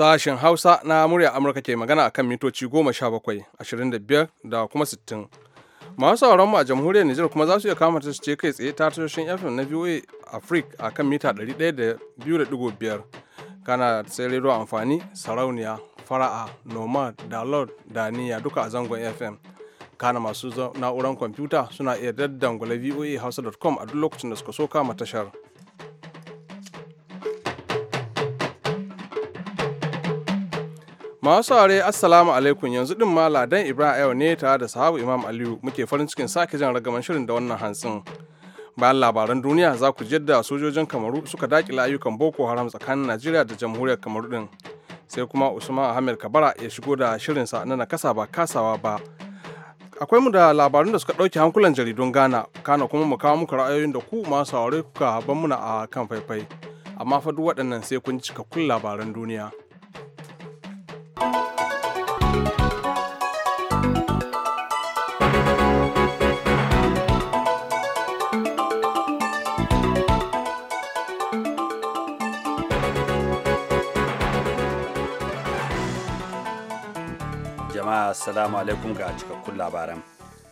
Sashen Hausa na murya Amurka ke magana a kan mitoci 17, 25 da kuma 60. Masu sauranmu mu a jamhuriyar Nijar kuma za su iya kama su ce kai tsaye ta tashoshin FM na VOA a kan mita 102.5. Kana sai rediyo amfani sarauniya fara'a nomad download daniya duka a zangon fm kana masu na'urar kwamfuta suna iya daddangula voa hausa.com a duk lokacin da suka so kama tashar Masu aure Assalamu alaikum yanzu din ma Ladan Ibrahim yau ne tare da sahabu Imam Aliyu muke farin cikin sake jan ragaman shirin da wannan hantsin. Bayan labaran duniya za ku jidda sojojin Kamaru suka dakile ayyukan Boko Haram tsakanin Najeriya da Jamhuriyar Kamaru din. Sai kuma Usman Ahmed Kabara ya shigo da shirin sa na nakasa ba kasawa ba. Akwai mu da labarun da suka ɗauke hankulan jaridun Ghana, kana kuma mu kawo muku ra'ayoyin da ku masu aure kuka ban muna a kan faifai. Amma fa duk waɗannan sai kun cikakkun labaran duniya. assalamu alaikum ga cikakkun labaran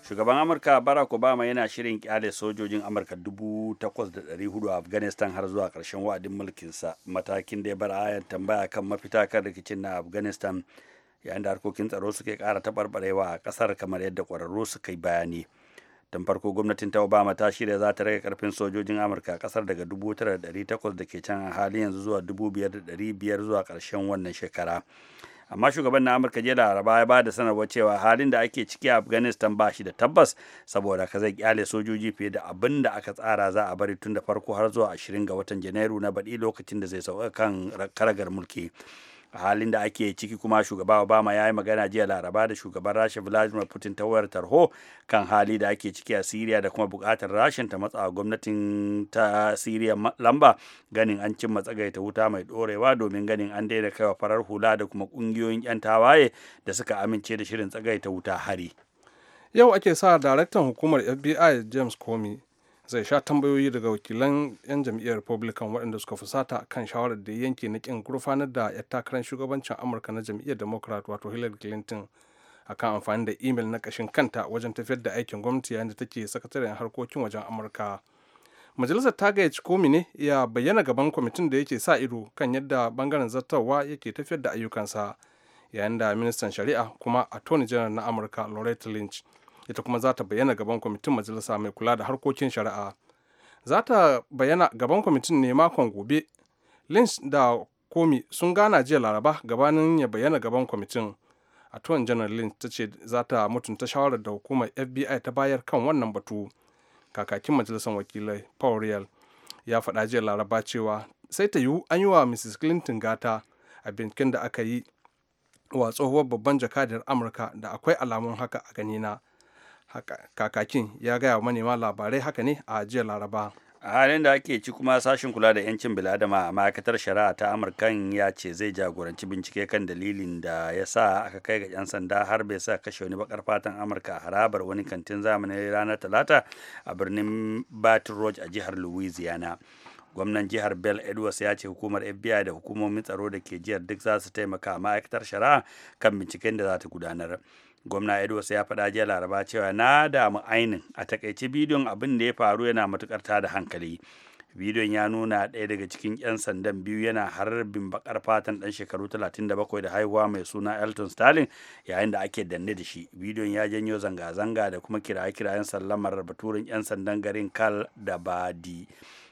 shugaban amurka barack obama yana shirin kyale sojojin amurka 8,400 a afghanistan har zuwa ƙarshen wa'adin mulkinsa matakin da ya bar ayan tambaya kan mafita kan rikicin na afghanistan yayin da harkokin tsaro suke ƙara taɓarɓarewa a ƙasar kamar yadda ƙwararru suka yi bayani don farko gwamnatin ta obama ta shirya za ta rage karfin sojojin amurka a ƙasar daga 9,800 da ke can a halin yanzu zuwa biyar zuwa ƙarshen wannan shekara amma shugaban na amurka jiya laraba ya ba da sanarwar cewa halin da ake ciki a afghanistan ba shi da tabbas saboda ka zai kyale sojoji fiye da abin da aka tsara za a bari tun da farko har zuwa 20 ga watan janairu na baɗi lokacin da zai sauka kan karagar mulki a halin da ake ciki kuma shugaba obama ya yi magana jiya laraba da shugaban rasha vladimir putin ta wayar tarho kan hali da ake ciki a syria da kuma bukatar rashin ta matsa gwamnatin ta syria lamba ganin an cimma ta wuta mai dorewa domin ganin an daina kaiwa farar hula da kuma kungiyoyin yan tawaye da suka amince da shirin tsagaita wuta hari yau ake sa daraktan hukumar fbi james comey zai sha tambayoyi daga wakilan 'yan jam'iyyar republican waɗanda suka fusata kan shawarar da yanke na kin gurfanar da 'yar takarar shugabancin amurka na jam'iyyar democrat wato hillary clinton akan amfani da imel na ƙashin kanta wajen tafiyar da aikin gwamnati yayin da take sakataren harkokin wajen amurka majalisar ta gayyaci komi ne ya bayyana gaban kwamitin da yake sa ido kan yadda bangaren zartarwa yake tafiyar da ayyukansa yayin da ministan shari'a kuma attorney general na amurka loretta lynch ita kuma za ta bayyana gaban kwamitin majalisa mai kula da harkokin shari'a za ta bayyana gaban kwamitin ne makon gobe lynch da komi sun gana jiya laraba gabanin ya bayyana gaban kwamitin a tuwon janar lynch ta ce za ta mutunta shawarar da hukumar fbi ta bayar kan wannan batu kakakin majalisar wakilai paul real ya faɗa jiya laraba cewa sai ta yiwu an yi wa mrs clinton gata a binciken da aka yi wa tsohuwar babban jakadiyar amurka da akwai alamun haka a ganina kakakin ya gaya wa manema labarai haka ne a jiya laraba a halin da ake ci kuma sashen kula da 'yancin biladama a ma'aikatar shari'a ta amurka ya ce zai jagoranci bincike kan dalilin da ya sa aka kai ga 'yan sanda har bai sa kashe wani bakar fatan amurka a harabar wani kantin zamanin ranar talata a birnin baton rouge a jihar louisiana gwamnan jihar bell edwards ya ce hukumar fbi da hukumomin tsaro da ke jihar duk za su taimaka ma'aikatar shari'a kan binciken da za ta gudanar gwamna edwards ya faɗa jiya laraba cewa na damu ainin a takaice bidiyon abin da ya faru yana matukar ta da hankali bidiyon ya nuna ɗaya daga cikin 'yan sandan biyu yana harbin bakar fatan ɗan shekaru 37 da haihuwa mai suna elton stalin yayin da ake danne da shi bidiyon ya janyo zanga-zanga da kuma kiraye-kirayen sallamar baturin 'yan sandan garin kal da badi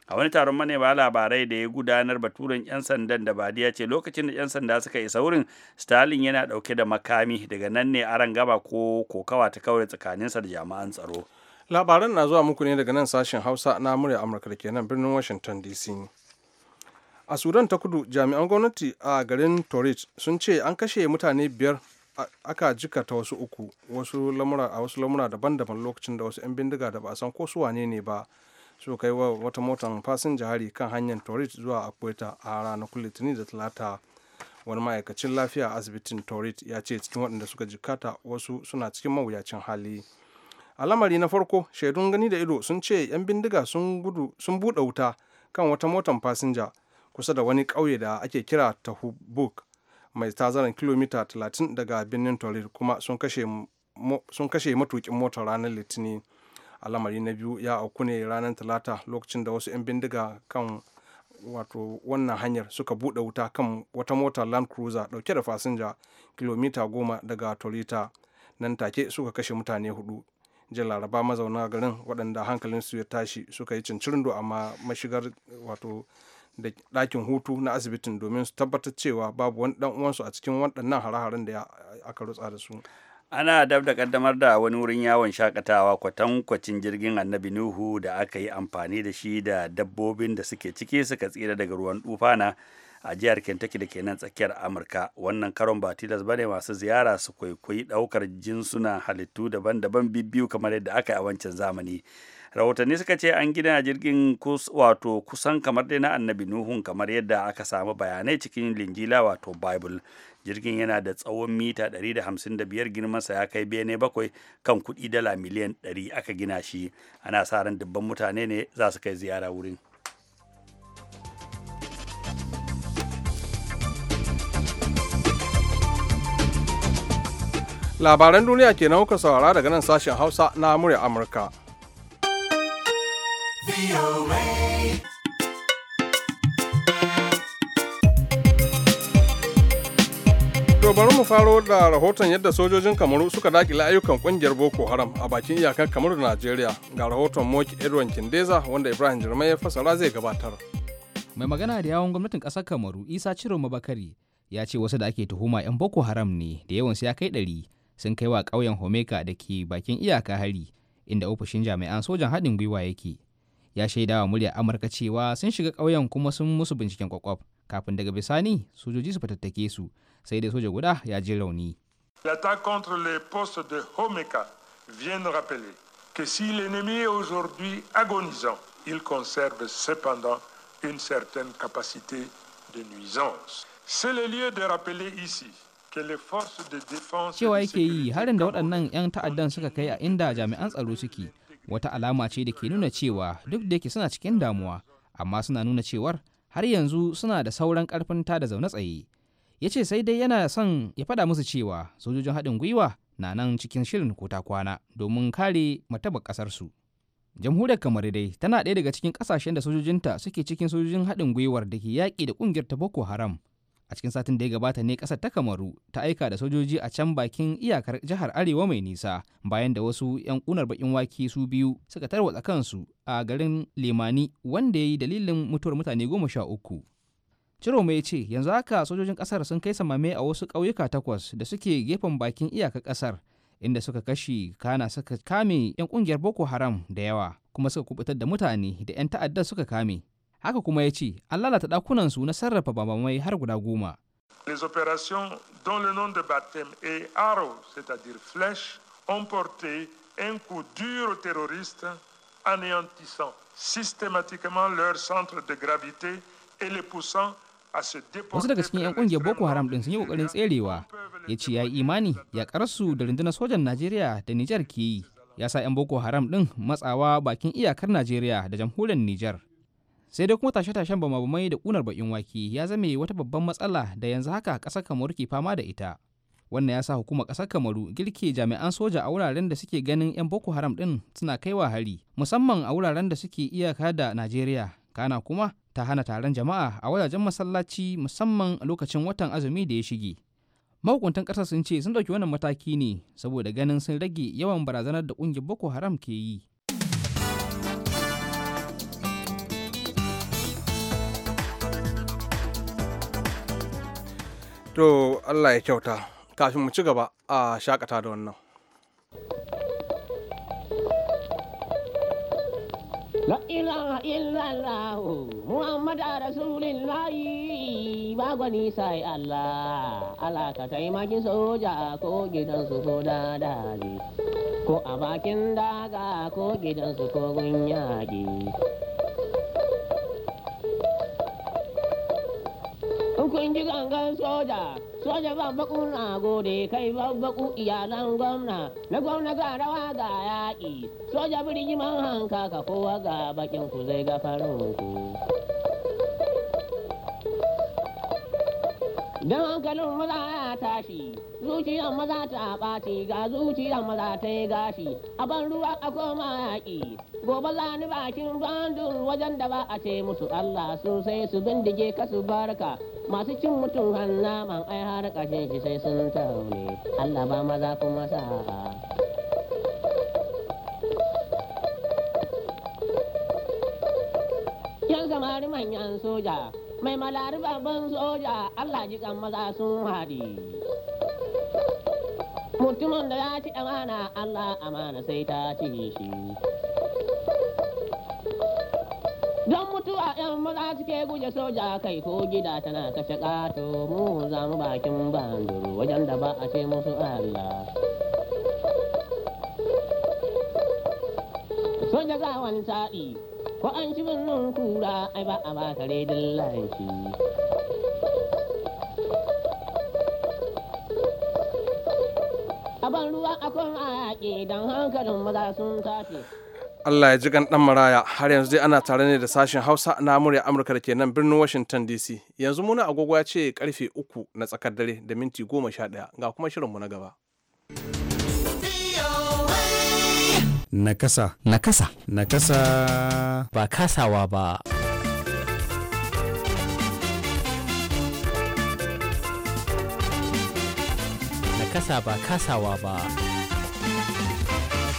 a wani taron manema labarai da ya gudanar baturen 'yan sandan da badiya ce lokacin da 'yan sanda suka isa wurin stalin yana dauke da makami daga nan ne aran gaba ko kokawa ta kaure tsakaninsa da jami'an tsaro labaran na zuwa muku ne daga nan sashen hausa na murya amurka da kenan birnin washington dc a sudan ta kudu jami'an gwamnati a garin torit sun ce an kashe mutane biyar aka jika ta wasu uku wasu lamura a wasu lamura daban-daban lokacin da wasu 'yan bindiga da ba a san ko su wane ne ba su kai wa wata motan fasinja hari kan hanyar torit zuwa akweta a ranaku litinin da talata wani ma'aikacin lafiya asibitin torit ya ce cikin waɗanda suka jikata wasu suna cikin mawuyacin hali a lamari na farko shaidun gani da ido sun ce 'yan bindiga sun gudu sun buɗe wuta kan wata motar fasinja kusa da wani ƙauye da ake kira tahubuk mai tazaran kilomita 30 daga birnin torit kuma sun kashe matukin motar ranar litinin alamari na biyu ya auku ne ranar talata lokacin da wasu 'yan bindiga kan wato wannan hanyar suka buɗe wuta kan wata mota land cruiser ɗauke da fasinja kilomita goma daga torita nan take suka kashe mutane hudu jin laraba mazauna garin waɗanda su ya tashi suka yi cincirindo amma mashigar wato da ɗakin hutu na asibitin domin su tabbatar cewa babu wani ɗan uwansu a cikin waɗannan hare-haren da aka rutsa da su ana dab da kaddamar da wani wurin yawon shakatawa kwatankwacin jirgin annabi nuhu da aka yi amfani da shi da dabbobin da suke ciki suka tsira daga ruwan dufana a jihar kentucky da ke nan tsakiyar amurka wannan karon ba tilas bane masu ziyara su kwaikwayi daukar jinsuna halittu daban-daban bibbiyu kamar yadda aka yi a wancan zamani rahotanni suka ce an gina jirgin wato kusan kamar dai na annabi nuhun kamar yadda aka samu bayanai cikin linjila wato bible jirgin yana da tsawon mita 155 girmansa ya kai bene bakwai kan kuɗi dala miliyan 100 aka gina shi ana sa ran dubban mutane ne za su kai ziyara wurin labaran duniya kenan kuka saurara daga nan sashen hausa na murya amurka To mu faro da rahoton yadda sojojin Kamaru suka daƙile ayyukan ƙungiyar Boko Haram a bakin iyakar Kamaru da Najeriya ga rahoton Moki Edwin Kindeza wanda Ibrahim Jirma ya fasara zai gabatar. Mai magana da yawon gwamnatin ƙasar Kamaru Isa Ciro Mabakari ya ce wasu da ake tuhuma 'yan Boko Haram ne da yawan ya kai ɗari sun kai wa ƙauyen Homeka da ke bakin iyaka hari inda ofishin jami'an sojan haɗin gwiwa yake. ya shaidawa muryar amurka cewa sun shiga ƙauyen kuma sun musu binciken kwakwaf kafin daga bisani sojoji su fatattake su sai dai soja guda ya ji rauni L'attaque contre les postes de Homeka vient de rappeler que si l'ennemi est aujourd'hui agonisant, il conserve cependant une certaine capacité de nuisance. C'est le lieu de rappeler ici Cewa yake yi harin da waɗannan 'yan ta'addan suka kai a inda jami'an tsaro suke wata alama ce da ke nuna cewa duk da yake suna cikin damuwa amma suna nuna cewar har yanzu suna da sauran karfin ta da zaune tsaye ya ce sai dai yana son ya faɗa musu cewa sojojin haɗin gwiwa na nan cikin shirin kota kwana domin kare martabar ƙasarsu jamhuriyar kamar dai tana ɗaya daga cikin ƙasashen da sojojinta suke cikin sojojin haɗin gwiwar da ke yaƙi da ƙungiyar ta boko haram a cikin satin da ya gabata ne kasar ta kamaru ta aika da sojoji a can bakin iyakar jihar arewa mai nisa bayan da wasu 'yan kunar bakin wake su biyu suka tarwatsa kansu a garin limani wanda ya yi dalilin mutuwar mutane goma sha uku ciroma ya ce yanzu haka sojojin kasar sun kai samame a wasu ƙauyuka takwas da suke gefen bakin iyakar kasar inda suka kashe kana suka kame 'yan ƙungiyar boko haram da yawa kuma suka kubutar da mutane da 'yan ta'adda suka kame haka kuma ya ce an lalata ɗakunansu na sarrafa babamai har guda goma. Les opérations dont le nom de baptême est arrow, c'est-à-dire flèche, ont porté un coup dur aux terroristes anéantissant systématiquement leur centre de gravité et les poussant à se déporter. Wasu daga cikin 'yan ƙungiyar Boko Haram ɗin sun yi ƙoƙarin tserewa, ya ce ya yi imani yaƙarsu da rundunar sojan Najeriya da Nijar ke yi, ya sa 'yan Boko Haram ɗin matsawa bakin iyakar Najeriya da jamhuriyar Nijar. sai dai kuma tashe-tashen bamabamai da kunar bakin wake ya zame wata babban matsala da yanzu haka kasar kamaru ke fama da ita wannan ya sa hukumar kasar kamaru girke jami'an soja a wuraren da suke ganin 'yan boko haram din suna kaiwa hari musamman a wuraren da suke iyaka da najeriya kana kuma ta hana taron jama'a a wajajen masallaci musamman a lokacin watan azumi da ya shige mahukuntan ƙasar sun ce sun ɗauki wannan mataki ne saboda ganin sun rage yawan barazanar da ƙungiyar boko haram ke yi to allah ya kyauta kafin mu ci gaba a shakata da wannan La ilaha illallah Muhammad a Rasulillahi ba gwani sai Allah alaka taimakin soja ko gidan su ko dadali ko a bakin daga ko gidan su ko gun yaƙi kun ji gangan soja, soja baku na gode kai babbaku iyalan gwamna, na gwamna ga rawa ga yaƙi, soja man hanka ka kowa ga bakin ku zai ga ku. Don hankalin maza ya tashi, zuciyar maza ta ɓaci ga zuciyar maza ta yi gashi, a ban ruwa a koma yaƙi. Gobe za ni bakin bandun wajen da ba a ce musu Allah sosai su bindige ka su barka. Masu cin mutum hanna man ai har ƙashin shi sai sun taune. Allah ba maza kuma sa'a. Yan samari manyan soja, mai malari babban soja Allah ji kan maza sun haɗi. Mutumin da ya ci amana Allah amana sai ta ci shi. Don mutuwa ‘yan maza suke guje soja kai ko gida tana kashe ƙato mu za mu bakin banduru wajen da ba a ce musu Allah. Soja wani taɗi. ko an ci birnin kura ai ba a ba kare dillan shi aban ruwa akwai ayaƙi don hankalin maza sun tafi Allah ya ji gan dan maraya har yanzu dai ana tare ne da sashen Hausa na murya Amurka da ke nan birnin Washington DC. Yanzu muna agogo ya ce karfe uku na tsakar dare da minti goma sha ɗaya ga kuma shirinmu na gaba. Nakasa. Nakasa. Nakasa. Ba kasawa ba. Nakasa ba kasawa ba.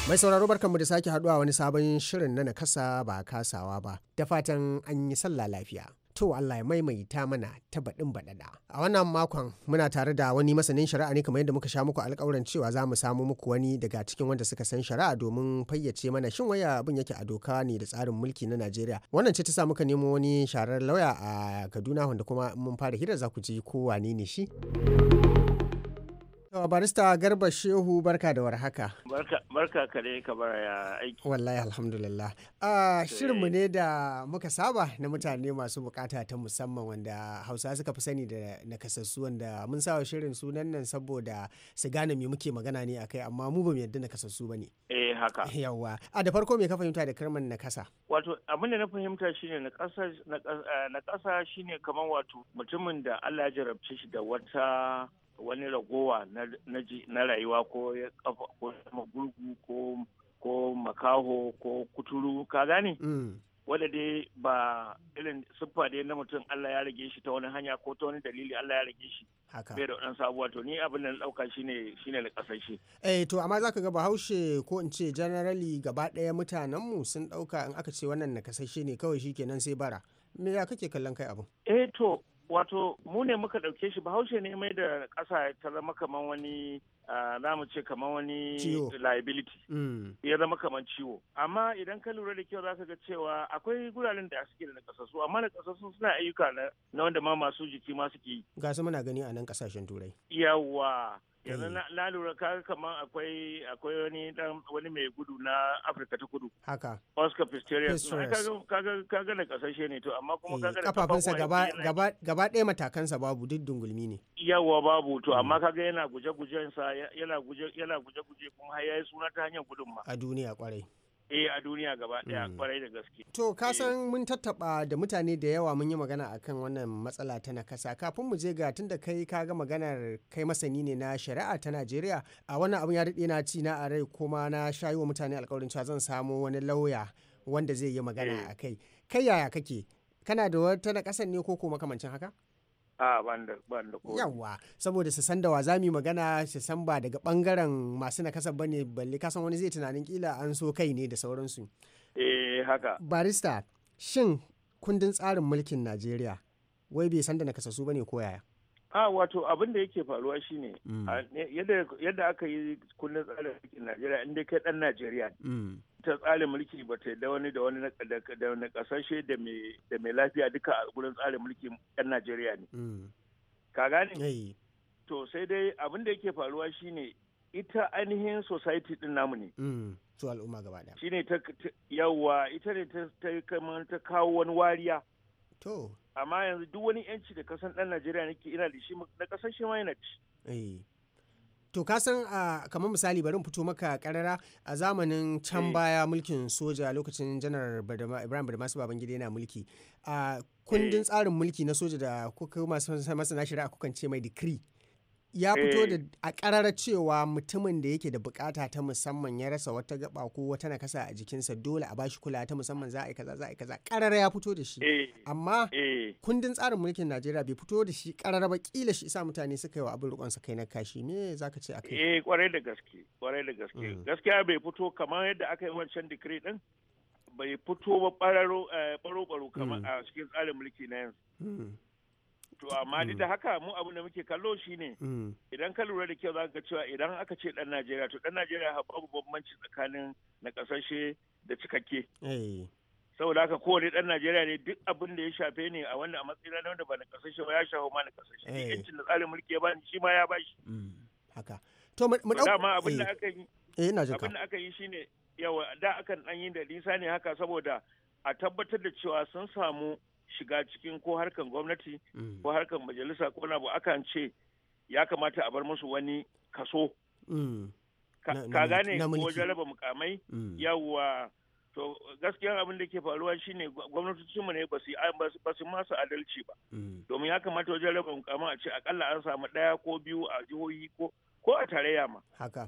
Mai sauraro barkanmu da sake haduwa wani sabon shirin na nakasa ba kasawa ba. ta fatan an yi sallah lafiya. to Allah ya maimaita mana ta baɗin baɗaɗa. A wannan makon muna tare da wani masanin shari'a ne kamar yadda muka sha muku alƙawarin cewa za mu samu muku wani daga cikin wanda suka san shari'a domin fayyace mana shin waya abin yake a doka ne da tsarin mulki na Najeriya. Wannan ce ta sa muka nemo wani sharar lauya a Kaduna wanda kuma mun fara hira za ku ji ko wane ne shi. Yawa barista Garba Shehu barka da warhaka. Barka ka ne ka bara ya aiki. Wallahi alhamdulillah. Uh, shirinmu eh. ne da muka saba na mutane masu bukata ta musamman wanda Hausa suka fi sani da nakasassu wanda mun sawa shirin sunan nan saboda su gane me muke magana ne akai amma mu ba mu yarda nakasassu ba ne. Eh haka. Yawa. A da farko me ka fahimta da kalmar nakasa? Wato abin da na fahimta shine nakasa eh, nakasa shine kamar wato mutumin da Allah ya jarabce shi da wata wani ragowa na rayuwa ko ya kafa ko gurgu ko ko makaho ko kuturu ka gane mm. wanda dai ba irin siffa dai na mutum Allah ya rage shi ta wani hanya ko ta wani dalili Allah ya rage shi bai da wadansu abubuwa to ni abin da na dauka shine shine na kasar shi eh to amma zaka ga Bahaushe ko in ce generally gaba daya mutanen mu sun dauka in aka ce wannan na kasashe ne kawai shikenan sai bara me ya kake kallon kai abin eh to wato mu ne muka ɗauke shi bahaushe ne mai da ƙasa ta zama kamar wani za ce kamar wani liability mm. ya zama kamar ciwo amma idan ka lura da kyau za ka ga cewa akwai guraren da suke da nakasassu amma nakasassu suna ayyuka na wanda ma masu jiki ma suke yi ga muna gani a nan kasashen turai yawa yanzu eh. na lura kaga kamar akwai akwai wani dan wani mai gudu na Afirka ta Kudu haka Oscar Pistorius kaga kaga da kasashe ne to amma kuma kaga eh, kafafunsa gaba gaba gaba ɗaya matakansa babu duk dungulmi ne yawa babu to amma mm. kaga yana guje-gujen sa yana guje yana guje-guje kuma har yayi suna ta hanyar gudun ma a duniya kwarai eh a duniya gaba daya kwarai hmm. da gaske to ka eh. san mun tattaba da mutane da yawa mun yi magana akan wannan matsala ta nakasa kafin mu je ga tunda kai ka ga maganar kai masani ne na shari'a ta Najeriya a wannan abun ya daɗe na ci na a rai kuma na shayi wa mutane alƙawarin cewa zan samo wani lauya wanda zai yi magana eh. a kai kai yaya kake kana da wata na ne ko ko makamancin haka a saboda su san da wa zamu magana su san ba daga bangaren masu nakasa bane balle kasan wani zai tunanin kila an so kai ne da sauransu eh haka barista shin kundin tsarin mulkin Najeriya wai bai san da nakasassu bane ko yaya a wato abin da yake faruwa shine mm. yadda aka yi kundin tsarin mulkin Najeriya inda kai dan Najeriya ita tsarin mulki ba ta da wani da wani da kasashe da mai lafiya duka a gurin tsarin mulki yan najeriya ne mm. ka gane to sai dai abin da yake faruwa shine ita ainihin society din namu ne mm. su al'umma gaba da. shine ta yawa ita ne ta ta kawo wani wariya to amma yanzu duk wani yanci da kasan dan najeriya nake ina da shi na kasashe ma yana ci to ka san a kamar misali bari fito maka karara a zamanin can eh. baya mulkin soja lokacin janar ibrahim badamasu babangida yana mulki a kundin eh. tsarin mulki na soja da kuka masana shari'a kukan ce mai dikiri ya fito eh. da a ƙarara cewa mutumin da yake da bukata ta musamman ya rasa wata gaba ko wata nakasa a jikinsa dole a bashi kula ta musamman za a yi kaza za a yi kaza ƙarara ya fito da shi eh. amma eh. kundin tsarin mulkin Najeriya bai fito da shi ƙarara ba ƙila shi sa mutane suka yi wa abin rukon kai na kashi me zaka ce akai eh kwarai da gaske kwarai da gaske mm. gaskiya bai fito kamar yadda aka yi wancan decree din bai fito ba baro baro kamar mm. a cikin tsarin mulki na yanzu mm. To amma duk da mm. haka mu abin da muke kallo shine mm. idan ka lura da kyau za ka cewa idan aka ce dan Najeriya to dan Najeriya babu bambanci tsakanin na kasashe da cikakke. Eh. Saboda haka kowane dan Najeriya ne duk abin da ya shafe ne a wanda a matsayin na wanda ba na kasashe ba ya shafa ma na kasashe. Eh. Yancin da tsarin mulki ya bani shi ma ya bashi. Mm. Haka. To mu dau dama abin da eh. aka yi eh ina jin Abin da aka yi shine yawa da akan dan yi da lisa ne haka saboda a tabbatar da cewa sun samu shiga cikin ko harkan gwamnati mm. ko harkan majalisa ko na akan ce ya kamata a bar musu wani kaso mm. ka gane wajen raba mukamai mm. yawwa to gaskiyan abin da ke faruwa shine mu ne ba su masu adalci ba domin ya kamata wajen raba mukamai a ce akalla an samu ɗaya ko biyu a jihohi ko a tarayya ma haka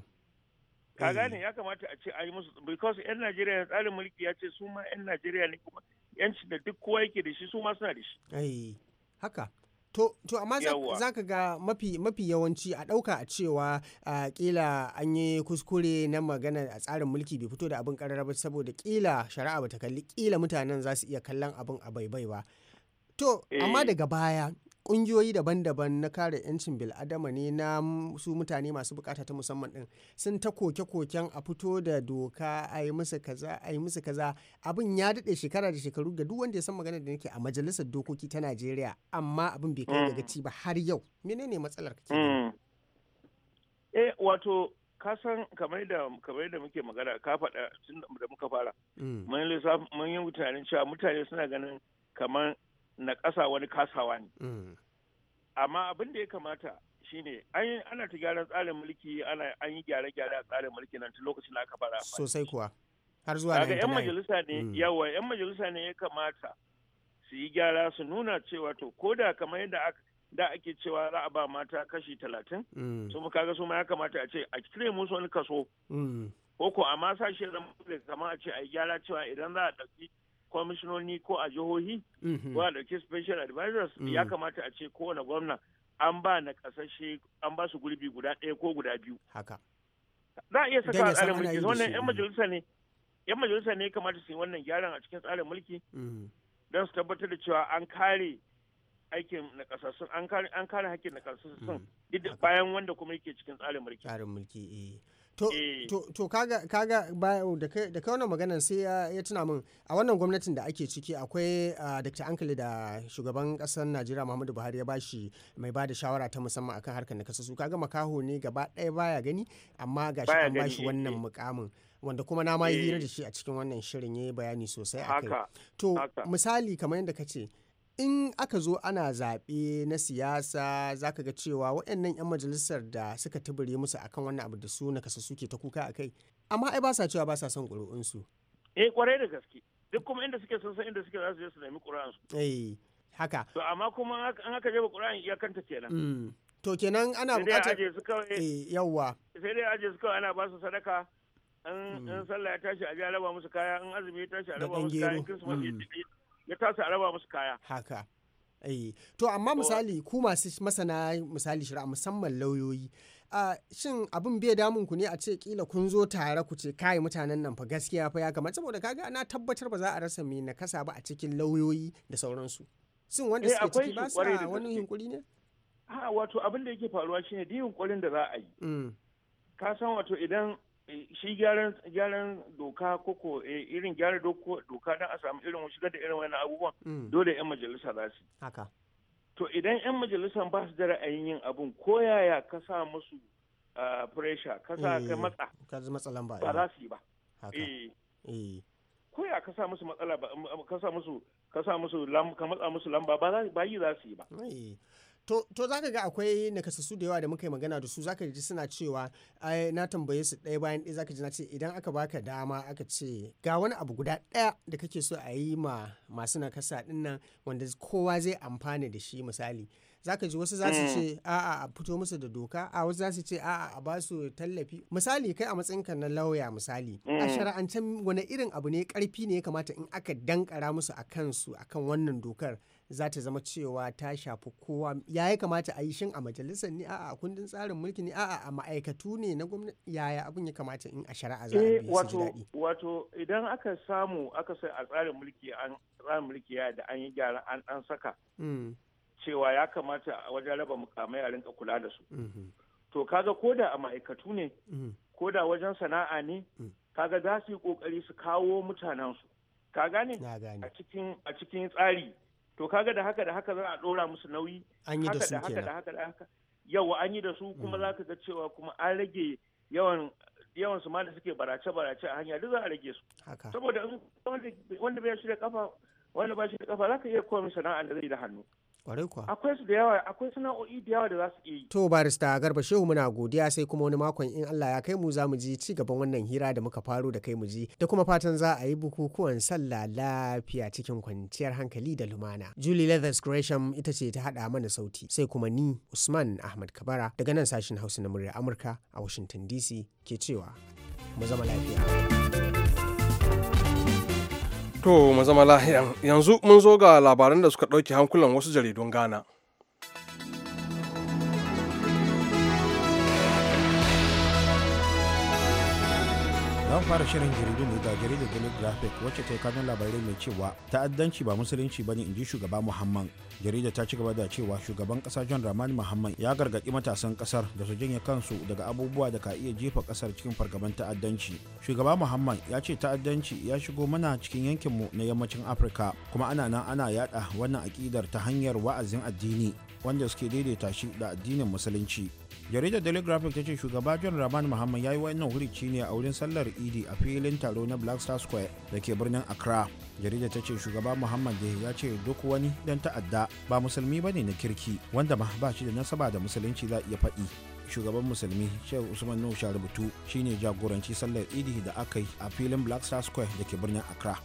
ka eh. gane ya kamata a ce a yi musu because 'yan najeriya tsarin mulki ya ce su ma 'yan najeriya ne kuma yanci da duk kowa yake da shi su ma suna da shi ai haka To, to amma za ka ga mafi, mafi yawanci a ɗauka a cewa a ƙila an yi kuskure na magana a tsarin mulki bai fito da abin ƙarar ba saboda ƙila shari'a ba ta kalli ƙila mutanen za su iya kallon abin a baibai ba. To, amma eh. daga baya kungiyoyi daban-daban na kare 'yancin bil'adama ne na su mutane masu bukata ta musamman din sun ta koke-koken a fito da doka a yi musu kaza a yi musu kaza abin ya daɗe shekara da shekaru ga duk wanda ya san magana da nake a majalisar dokoki ta najeriya amma abin bai kai daga ci ba har yau menene matsalar kake mm. eh wato ka san kamar da kamar da muke magana ka faɗa tun da muka fara mm. mun yi tunanin cewa mutane suna ganin kamar na ƙasa wani kasawa ne mm. amma abin da ya kamata shine ana ta gyaran tsarin mulki ana an yi gyare-gyare a tsarin mulki nan tun lokacin da aka fara sosai kuwa har zuwa da yan majalisa ne mm. yawa yan majalisa ne ya kamata su yi gyara su nuna cewa to ko da kamar yadda da ake cewa za a ba mata kashi talatin mm. su mu kaga su ma ya kamata a ce a cire musu wani kaso ko ko amma sashe zama kamar a ce a yi gyara cewa idan za a ɗauki kwamishinoni ko a jihohi mhm. ko a ɗauki special advisors mm. ya kamata a ce kowane gwamna an ba na kasashe an ba su gurbi guda ɗaya ko guda biyu haka za a iya saka a tsarin mulki wannan yan majalisa ne yan majalisa ne kamata su yi wannan gyaran a cikin tsarin mulki mm. don su tabbatar da cewa an kare aikin na kasassun an kare hakkin na kasassun mm. duk bayan wanda kuma yake cikin tsarin mulki tsarin mulki eh Eh. To kaga kaga da kai wannan maganar sai ya tuna min a wannan gwamnatin da ake ciki akwai Dr. Ankali da shugaban kasar Najeriya Muhammadu Buhari ya bashi mai bada shawara ta musamman akan harkar nakasassu kaga makaho ne gaba ɗaya baya gani amma gashi an bashi wannan eh, eh. mukamin. wanda kuma na ma yi hira da shi a cikin wannan shirin ya yi bayani sosai a kai to misali kamar yadda ka ce in aka zo ana zaɓe na siyasa za ka ga cewa waɗannan 'yan majalisar da suka tubure musu akan wannan abu da su na kasa suke ta kuka a kai amma ai ba sa cewa ba sa son ƙuri'unsu. eh kwarai da gaske duk kuma inda suke sun san inda suke za su je su nemi ƙuri'unsu. eh haka. to amma kuma an haka jefa ƙuri'un iyakanta kenan. Mm. to kenan ana buƙatar eh yawwa. sai dai aje eh, su kawai ana ba su sadaka mm. in sallah ya tashi a je a raba musu kaya in azumi ya tashi a raba musu kaya in kirsimeti ya kasa raba musu kaya haka eh, to amma misali ku masu masana misali shari'a musamman lauyoyi a shin abin bai damun ku ne a ce kila kun zo tare ku ce kai mutanen nan fa gaskiya fa ya gama saboda kaga na tabbatar ba za a rasa mai na kasa ba a cikin lauyoyi da sauransu Sun wanda eh, suke ciki ba a wani yunkuri ne ha wato abin da yake faruwa shine din yunkurin da za a yi mm. ka san wato idan Eh, shi gyaran doka koko eh, irin gyara doka don a samu irin shigar da irin wani abubuwan mm. dole 'yan majalisa za su haka to idan 'yan majalisan ba su da ra'ayin yin abun ko yaya ka sa musu pressure ka sa ka eh, matsa ba za su yi ba ko ya ka sa musu matsala ba ka sa musu ka sa musu ka matsa musu lamba ba yi za su yi ba to to zaka ga akwai nakasassu da yawa da muka yi magana da su zaka ji suna cewa ai na tambaye su ɗaya bayan ɗaya zaka ji na ce idan aka baka dama aka ce ga wani abu guda ɗaya da kake so a yi ma masu nakasa dinnan wanda kowa zai amfana da shi misali ka ji wasu za su mm. ce a'a a fito musu da doka a wasu za su ce a'a a ba su tallafi misali kai a matsayinka na lauya misali a mm. shari'ancen wani irin abu ne karfi ne ya kamata in aka dankara musu a kansu akan wannan dokar za ta zama cewa ta shafi kowa ya ya kamata a yi shin a majalisar ne a'a a kundin tsarin mulki ne a'a a ma'aikatu ne na gwamnati yaya abin ya kamata in a shari'a za a bi su eh, wato idan aka samu aka sai a tsarin mulki an tsarin mulki ya da an yi gyara an dan saka hmm. cewa ya kamata a wajen raba mukamai a rinka kula da su hmm. to kaga koda a ma'aikatu ne hmm. koda wajen sana'a ne kaga za su yi kokari su kawo mutanensu ka gane a cikin tsari to kaga da haka da haka za a ɗora musu nauyi an yi da su haka da haka da haka yawa an yi da su kuma mm. za ka ga cewa kuma an rage yawan yawan su ma da suke barace barace a hanya duk za a rage su saboda wanda bai shi da kafa wanda ba shi da kafa za ka iya komi sana'a da zai da hannu Akwai su da yawa, akwai sana'o'i da yawa da za su yi. To barista Garba Shehu muna godiya sai kuma wani makon in Allah ya kai mu za mu ji ci gaban wannan hira da muka faro da kai mu ji da kuma fatan za a yi bukukuwan sallah lafiya cikin kwanciyar hankali da lumana. Julie Leathers Gresham ita ce ta hada mana sauti sai kuma ni Usman Ahmad Kabara daga nan sashin Hausa na murya Amurka a Washington DC ke cewa mu zama lafiya. To, zama lahiyan, yanzu mun zo ga labaran da suka ɗauke hankulan wasu jaridun Ghana. don fara shirin jaridu ne ga jaridar daily wacce ta yi kanun labarai mai cewa ta'addanci ba musulunci ne in ji shugaba muhammad jarida ta ci gaba da cewa shugaban kasa john ramani muhammad ya gargaɗi matasan kasar da su janye kansu daga abubuwa da ka iya jefa kasar cikin fargaban ta'addanci shugaba muhammad ya ce ta'addanci ya shigo mana cikin yankinmu na yammacin afirka kuma ana nan ana yada wannan aƙidar ta hanyar wa'azin addini wanda suke daidaita shi da addinin musulunci jaridar daily graphic ta ce shugaba john rahman muhammad ya yi wannan hurici ne a wurin sallar idi a filin taro na black star square da ke birnin accra jaridar ta ce shugaba muhammad da ya ce duk wani dan ta'adda ba musulmi ba ne na kirki wanda ma ba shi da nasaba da musulunci za iya faɗi shugaban musulmi shehu usman nuhu rubutu shine jagoranci sallar idi da aka yi a filin black star square da ke birnin accra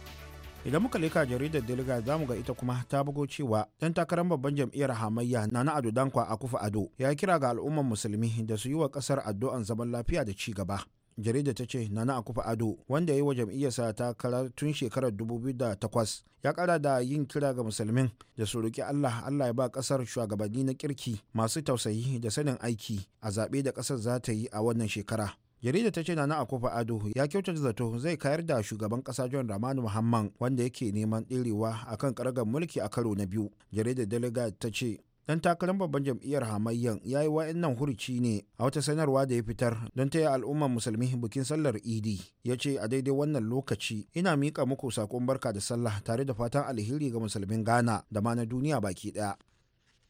idan muka leka jaridar deliga za mu ga ita kuma ta bugo cewa dan takarar babban jam'iyyar hamayya nana ado dankwa a kufa ado ya kira ga al'ummar musulmi da su yi wa kasar addu'an zaman lafiya da ci gaba jarida ta ce nana akufa ado wanda ya yi wa jam'iyyarsa takara tun shekarar 2008 ya kara da yin kira ga musulmin da su roƙi allah allah ya ba kasar shugabanni na kirki masu tausayi da sanin aiki a zaɓe da kasar za ta yi a wannan shekara jarida ta ce na akufa ado ya kyautata zato zai kayar da shugaban kasa john ramanu muhamman wanda yake neman ɗirewa akan karagar mulki a karo na biyu jaridar delegate ta ce dan takarar babban jam'iyyar hamayyan ya yi wa'annan hurci ne a wata sanarwa da ya fitar don taya al'ummar musulmi bikin sallar idi ya ce a daidai wannan lokaci ina miƙa muku sakon barka da sallah tare da fatan alheri ga musulmin ghana da ma na duniya baki ɗaya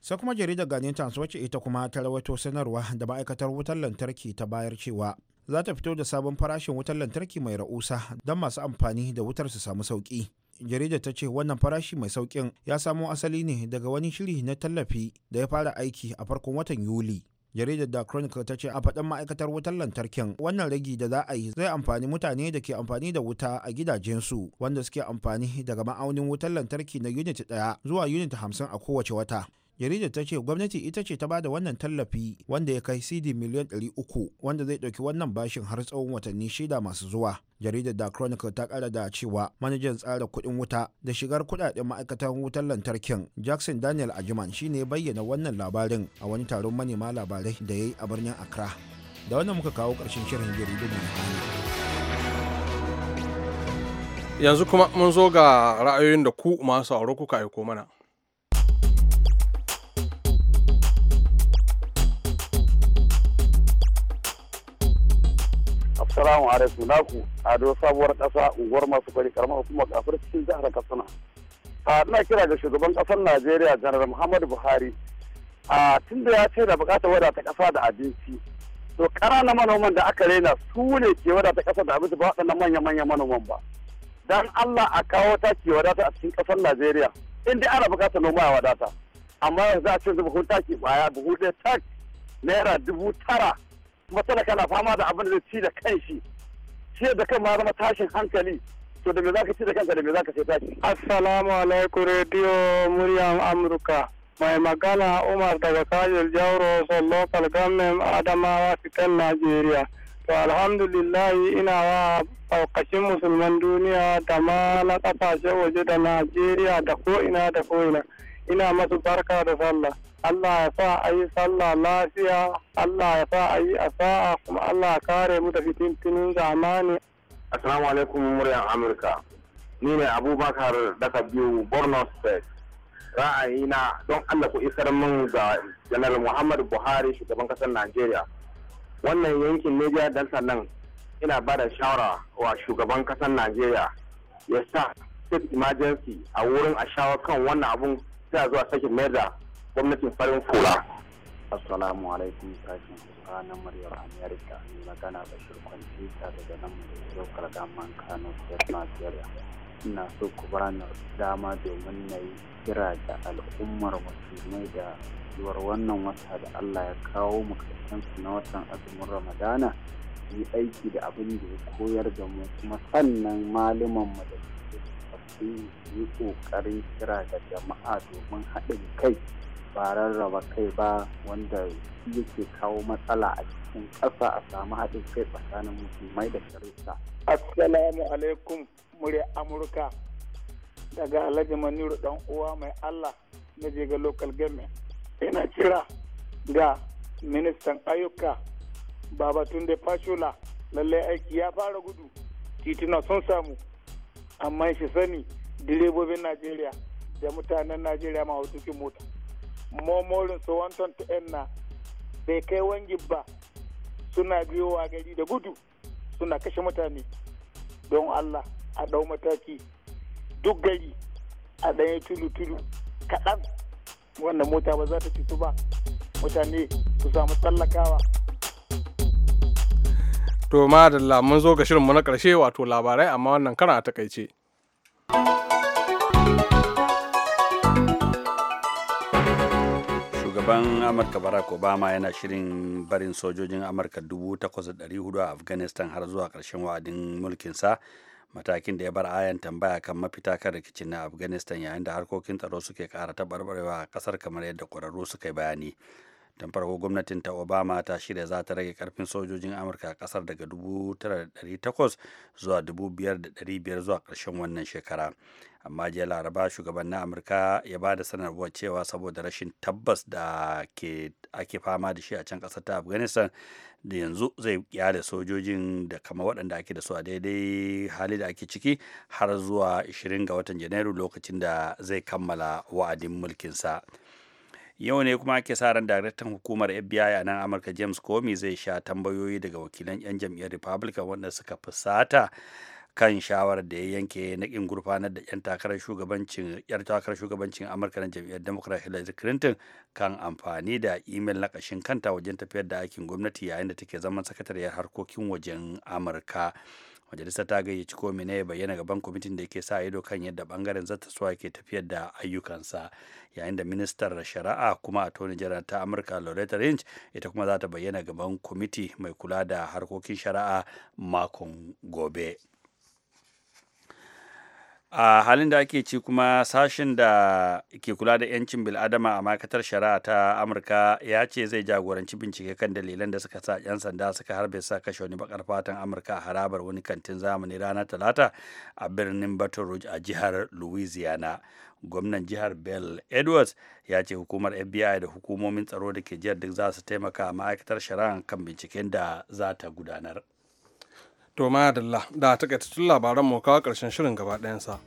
sai kuma jaridar ghanaian times wacce ita kuma ta rawaito sanarwa da ma'aikatar wutar lantarki ta bayar cewa za ta fito da sabon farashin wutar lantarki mai ra'usa don masu amfani da wutar su samu sauki jaridar ta ce wannan farashi mai sauƙin ya samo asali ne daga wani shiri na tallafi da ya fara aiki a farkon watan yuli jaridar da chronicle ta ce a faɗin ma'aikatar wutar lantarkin wannan ragi da za a yi zai amfani mutane da ke amfani da wuta a gidajensu wanda suke amfani daga ma'aunin wutar lantarki na unit ɗaya zuwa unit hamsin a kowace wata jaridar ta ce gwamnati ita ce ta bada wannan tallafi wanda ya kai cd miliyan 300 wanda zai ɗauki wannan bashin har tsawon watanni shida masu zuwa jaridar da chronicle ta kara da cewa manajan tsara kuɗin wuta da shigar kuɗaɗen ma'aikatan wutar lantarkin jackson daniel ajiman shine bayyana wannan labarin a wani taron manema labarai da ya yi a birnin accra da wannan muka kawo karshen shirin jaridar da yanzu kuma mun zo ga ra'ayoyin da ku masu auro kuka aiko mana Assalamu alaikum Ado sabuwar ƙasa unguwar masu fari karamar kuma kafir cikin jihar Katsina. A ina kira ga shugaban ƙasar Najeriya Janar Muhammadu Buhari. A tun da ya ce da buƙatar wadata ƙasa da abinci. To na manoman da aka rena su ne ke wadata ƙasa da abinci ba waɗannan manya-manyan manoman ba. Dan Allah a kawo ta taki wadata a cikin ƙasar Najeriya. In dai ana buƙatar noma ya wadata. Amma yanzu a ce buhun taki baya buhu ɗaya tak naira dubu tara matsala na fama da abin da zai ci da kanshi ciyar da kan ma zama tashin hankali to da me zaka ci da kanka da me zaka sai tashi assalamu alaikum radio muryan amurka mai magana umar daga kajil jauro son local government adamawa cikin nigeria to alhamdulillahi ina wa ɗaukacin musulman duniya da ma na ƙasashe waje da nigeria da ko'ina da ko'ina ina masu barka da sallah Allah ya sa a yi sallah lafiya Allah ya sa a yi asa'a kuma Allah ya kare mu da fitintinin zamani Assalamu alaikum muryar Amurka ni ne Abubakar daga biyu Borno State ra'ayina don Allah ku isar min ga Janar Muhammadu Buhari shugaban kasar Najeriya wannan yankin Niger Delta nan ina ba da shawara wa shugaban kasar najeriya ya sa state emergency a wurin a shawo kan wannan abun sai a zuwa sakin mayar gwamnatin farin fura assalamu alaikum sashen kusa na muryar amerika gana magana bashir kwamfuta daga nan da yau kargaman kano state nigeria ina so ku ni dama domin na yi kira da al'ummar musulmai da yiwuwar wannan wata da allah ya kawo mu su na watan azumin ramadana yi aiki da abin da ya koyar da mu kuma sannan malaman mu da su yi ƙoƙarin kira da jama'a domin haɗin kai ba rarraba kai ba wanda yake kawo matsala a cikin ƙasa a samu haɗin kai tsakanin musulmai da kirista. assalamu alaikum murya amurka daga alhaji maniru dan uwa mai allah na jega local government ina kira ga ministan ayyuka babatun da fashola lallai aiki ya fara gudu tituna sun samu amma shi sani direbobin najeriya da mutanen najeriya ma mota momorin su wanton na bai kai wangi ba suna a gari da gudu suna kashe mutane don allah a ɗau mataki duk gari a ɗanye tulu-tulu kaɗan wannan mota ba za ta su ba mutane su samu tsallakawa to da lamun zo ga mu na ƙarshe wato labarai amma wannan karan a takaice. shugaban amurka barack obama yana shirin barin sojojin amurka 8,400 a afghanistan har zuwa ƙarshen wa'adin mulkinsa matakin da ya bar ayan tambaya kan mafita kan rikicin na afghanistan yayin da harkokin tsaro suke ƙara taɓarɓarewa a kasar kamar yadda kwararru suka yi bayani don farko gwamnatin ta obama ta shirya za ta rage karfin sojojin amurka a kasar daga 9,800 zuwa 5,500 zuwa ƙarshen wannan shekara amma jiya laraba shugaban na amurka ya ba da sanarwar cewa saboda rashin tabbas da ke ake fama da shi a can ƙasar ta afghanistan da yanzu zai kyale sojojin da kama waɗanda ake da su a daidai hali da ake ciki har zuwa 20 ga watan janairu lokacin da zai kammala wa'adin mulkinsa yau ne kuma ake sa ran daraktan hukumar fbi a nan amurka james comey zai sha tambayoyi daga wakilan 'yan jam'iyyar republican wanda suka fusata kan shawarar da ya yanke na kin gurfanar da yan takarar shugabancin yar takarar shugabancin Amurka na jam'iyyar Democrat Hillary Clinton kan amfani da imel na kashin kanta wajen tafiyar da aikin gwamnati yayin da take zaman sakatariyar harkokin wajen Amurka. Majalisar ta gayyaci komi ya bayyana gaban kwamitin da ke sa ido kan yadda bangaren zattasuwa ke tafiyar da ayyukansa yayin da ministar shari'a kuma a tony jiran ta amurka loretta lynch ita kuma za ta bayyana gaban kwamiti mai kula da harkokin shari'a makon gobe. a halin da ake ci kuma sashen da ke kula da 'yancin bil'adama a ma'aikatar shari'a ta amurka ya ce zai jagoranci bincike kan dalilan da suka sa 'yan sanda suka harbe sa kashe wani bakar fatan amurka a harabar wani kantin zamani ranar talata a birnin baton rouge a jihar louisiana gwamnan jihar bell edwards ya ce hukumar fbi da hukumomin tsaro da ke jihar duk za su taimaka ma'aikatar shari'a kan binciken da za ta gudanar To madalla da takaitattun labaran mu kawo karshen shirin gaba ɗayansa.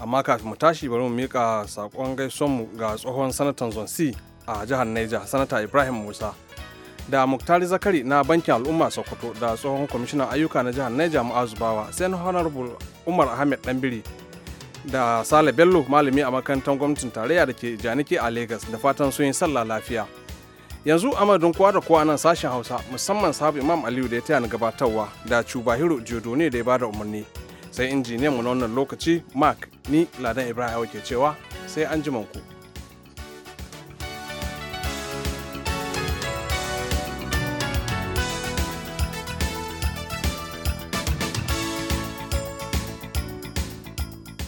Amma kafin mu tashi bari mu mika saƙon gaisonmu ga tsohon sanatan zonsi a jihar Niger, sanata Ibrahim Musa. Da Muktari Zakari na bankin al'umma Sokoto da tsohon kwamishinan ayyuka na jihar Niger Mu'azu Bawa, sai Honorable Umar Ahmed Dambiri da Sale Bello malami a makarantar gwamnatin tarayya da ke Janike a Lagos da fatan sun yi sallah lafiya. yanzu madadin kowa da kowa nan sashen hausa musamman sabu imam aliyu da ya taya na gabatarwa da cubahiro jodo ne da ya bada umarni sai injiniyan mu na wannan lokaci mark ni ladan ibrahim ke cewa sai an ku.